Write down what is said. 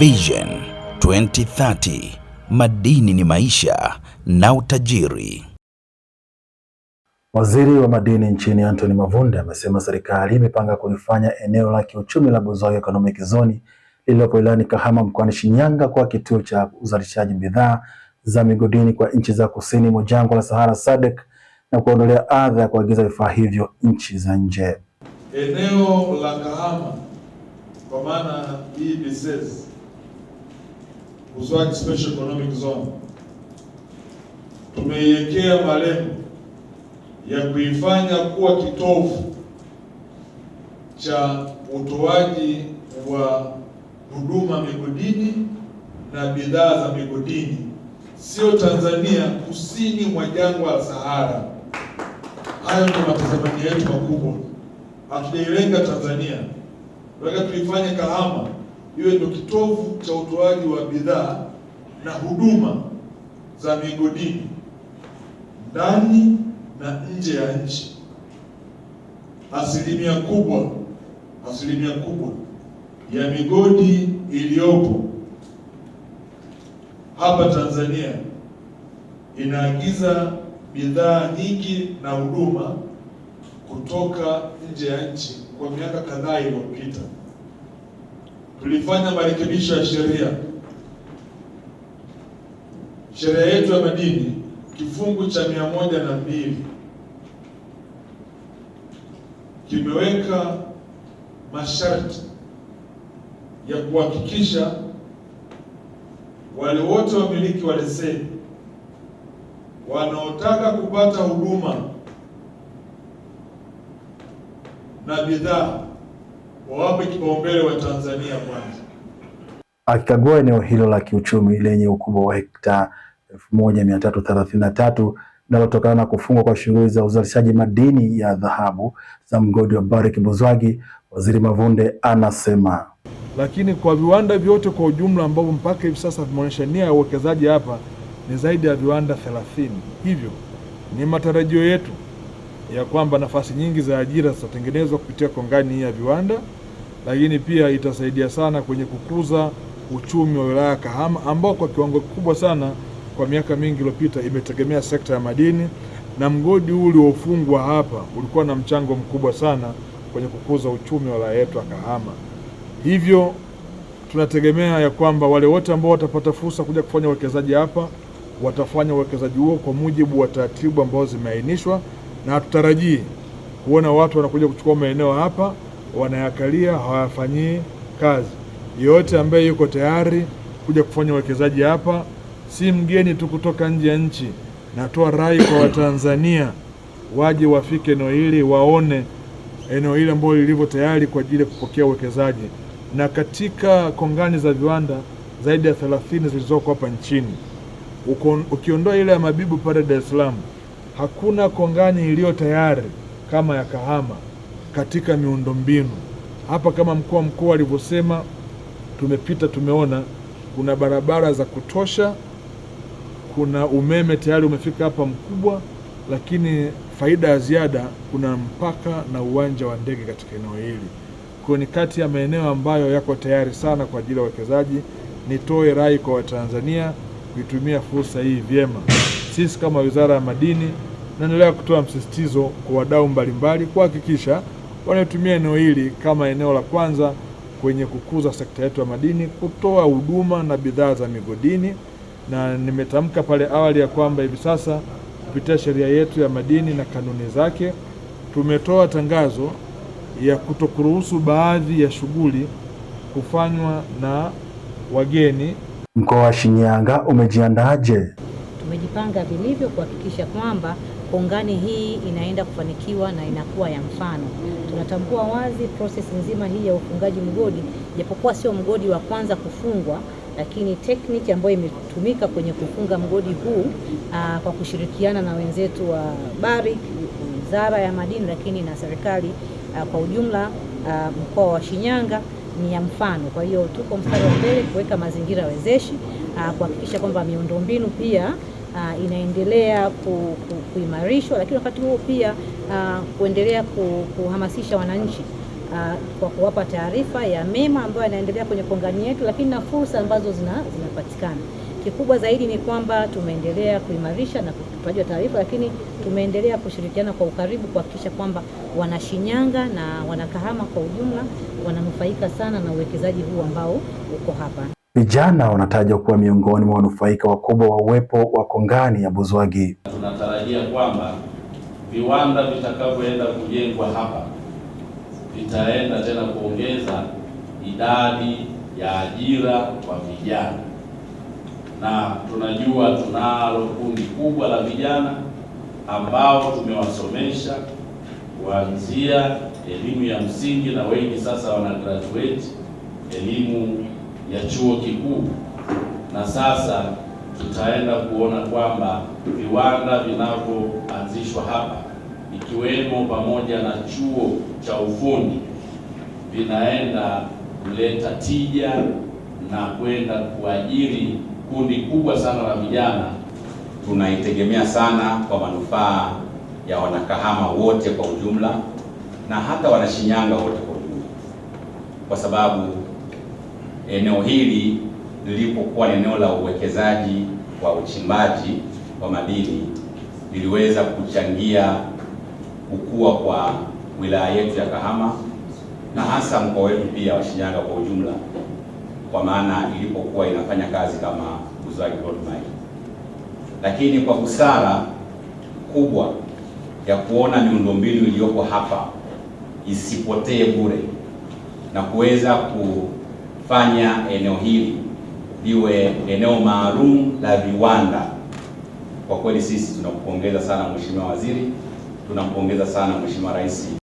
Vision 2030 madini ni maisha na utajiri. Waziri wa madini nchini Anthony Mavunde amesema serikali imepanga kulifanya eneo la kiuchumi la Buzwagi Economic Zone lililopo wilayani Kahama mkoani Shinyanga kuwa kituo cha uzalishaji bidhaa za migodini kwa nchi za kusini mwa jangwa la Sahara SADC na kuondolea adha ya kuagiza vifaa hivyo nchi za nje. Eneo la Kahama kwa maana hii Buzwagi Special Economic Zone tumeiwekea malengo ya kuifanya kuwa kitovu cha utoaji wa huduma migodini na bidhaa za migodini, sio Tanzania, kusini mwa jangwa la Sahara. Hayo ndio matazamio yetu makubwa. Hatujailenga Tanzania, tunataka tuifanye Kahama iwe ndio kitovu cha utoaji wa bidhaa na huduma za migodini ndani na nje ya nchi. Asilimia kubwa asilimia kubwa ya migodi iliyopo hapa Tanzania inaagiza bidhaa nyingi na huduma kutoka nje ya nchi kwa miaka kadhaa iliyopita tulifanya marekebisho ya sheria sheria yetu ya madini kifungu cha mia moja na mbili kimeweka masharti ya kuhakikisha wale wote wamiliki wa leseni wanaotaka kupata huduma na bidhaa wawape kipaumbele wa Tanzania kwanza. Akikagua eneo hilo la kiuchumi lenye ukubwa wa hekta tatu linalotokana na kufungwa kwa shughuli za uzalishaji madini ya dhahabu za mgodi wa Barrick Buzwagi, Waziri Mavunde anasema lakini kwa viwanda vyote kwa ujumla ambavyo mpaka hivi sasa vimeonyesha nia ya uwekezaji hapa ni zaidi ya viwanda thelathini Hivyo ni matarajio yetu ya kwamba nafasi nyingi za ajira zitatengenezwa kupitia kongani hii ya viwanda lakini pia itasaidia sana kwenye kukuza uchumi wa wilaya ya Kahama ambao kwa kiwango kikubwa sana kwa miaka mingi iliyopita imetegemea sekta ya madini, na mgodi huu uliofungwa hapa ulikuwa na mchango mkubwa sana kwenye kukuza uchumi wa wilaya yetu ya Kahama. Hivyo tunategemea ya kwamba wale wote ambao watapata fursa kuja kufanya uwekezaji hapa watafanya uwekezaji huo kwa mujibu wa taratibu ambazo zimeainishwa, na hatutarajii kuona watu wanakuja kuchukua maeneo hapa wanayakalia, hawayafanyii kazi. Yeyote ambaye yuko tayari kuja kufanya uwekezaji hapa, si mgeni tu kutoka nje ya nchi. Natoa rai kwa Watanzania waje wafike eneo hili, waone eneo hili ambalo lilivyo tayari kwa ajili ya kupokea uwekezaji. Na katika kongani za viwanda zaidi ya thelathini zilizoko hapa nchini, ukiondoa ile ya Mabibu pale Dar es Salaam, hakuna kongani iliyo tayari kama ya Kahama katika miundombinu. Hapa kama mkuu wa mkoa alivyosema, tumepita tumeona, kuna barabara za kutosha, kuna umeme tayari umefika hapa mkubwa, lakini faida ya ziada, kuna mpaka na uwanja wa ndege katika eneo hili. Kwa ni kati ya maeneo ambayo yako tayari sana kwa ajili ya uwekezaji. Nitoe rai kwa Watanzania kuitumia fursa hii vyema. Sisi kama Wizara ya Madini naendelea kutoa msisitizo kwa wadau mbalimbali kuhakikisha wanaotumia eneo hili kama eneo la kwanza kwenye kukuza sekta yetu ya madini, kutoa huduma na bidhaa za migodini, na nimetamka pale awali ya kwamba hivi sasa kupitia sheria yetu ya madini na kanuni zake tumetoa tangazo ya kutokuruhusu baadhi ya shughuli kufanywa na wageni. Mkoa wa Shinyanga umejiandaje? Tumejipanga vilivyo kuhakikisha kwamba kongani hii inaenda kufanikiwa na inakuwa ya mfano. Tunatambua wazi process nzima hii ya ufungaji mgodi, japokuwa sio mgodi wa kwanza kufungwa, lakini tekniki ambayo imetumika kwenye kufunga mgodi huu aa, ah, kwa kushirikiana na wenzetu wa Bari, Wizara ya Madini, lakini na serikali ah, kwa ujumla, ah, mkoa wa Shinyanga ni ya mfano. Kwa hiyo tuko mstari wa mbele kuweka mazingira wezeshi kuhakikisha kwamba miundombinu pia uh, inaendelea ku, ku, kuimarishwa, lakini wakati huo pia uh, kuendelea kuhamasisha wananchi uh, kwa kuwapa taarifa ya mema ambayo yanaendelea kwenye kongani yetu, lakini na fursa ambazo zina, zinapatikana Kikubwa zaidi ni kwamba tumeendelea kuimarisha na kutajwa taarifa, lakini tumeendelea kushirikiana kwa ukaribu kuhakikisha kwamba Wanashinyanga na Wanakahama kwa ujumla wananufaika sana na uwekezaji huu ambao uko hapa. Vijana wanatajwa kuwa miongoni mwa wanufaika wakubwa wa uwepo wa kongani ya Buzwagi. Tunatarajia kwamba viwanda vitakavyoenda kujengwa hapa vitaenda tena kuongeza idadi ya ajira kwa vijana, na tunajua tunalo kundi kubwa la vijana ambao tumewasomesha kuanzia elimu ya msingi na wengi sasa wana graduate elimu ya chuo kikuu, na sasa tutaenda kuona kwamba viwanda vinavyoanzishwa hapa ikiwemo pamoja na chuo cha ufundi vinaenda kuleta tija na kwenda kuajiri kundi kubwa sana la vijana. Tunaitegemea sana kwa manufaa ya wanakahama wote kwa ujumla na hata wanashinyanga wote kwa ujumla, kwa sababu eneo hili lilipokuwa ni eneo la uwekezaji wa uchimbaji wa madini liliweza kuchangia kukua kwa wilaya yetu ya Kahama na hasa mkoa wetu pia wa Shinyanga kwa ujumla, kwa maana ilipokuwa inafanya kazi kama Buzwagi Gold Mine, lakini kwa busara kubwa ya kuona miundombinu iliyoko hapa isipotee bure na kuweza ku kufanya eneo hili liwe eneo maalum la viwanda. Kwa kweli sisi tunakupongeza sana Mheshimiwa Waziri, tunampongeza sana Mheshimiwa Rais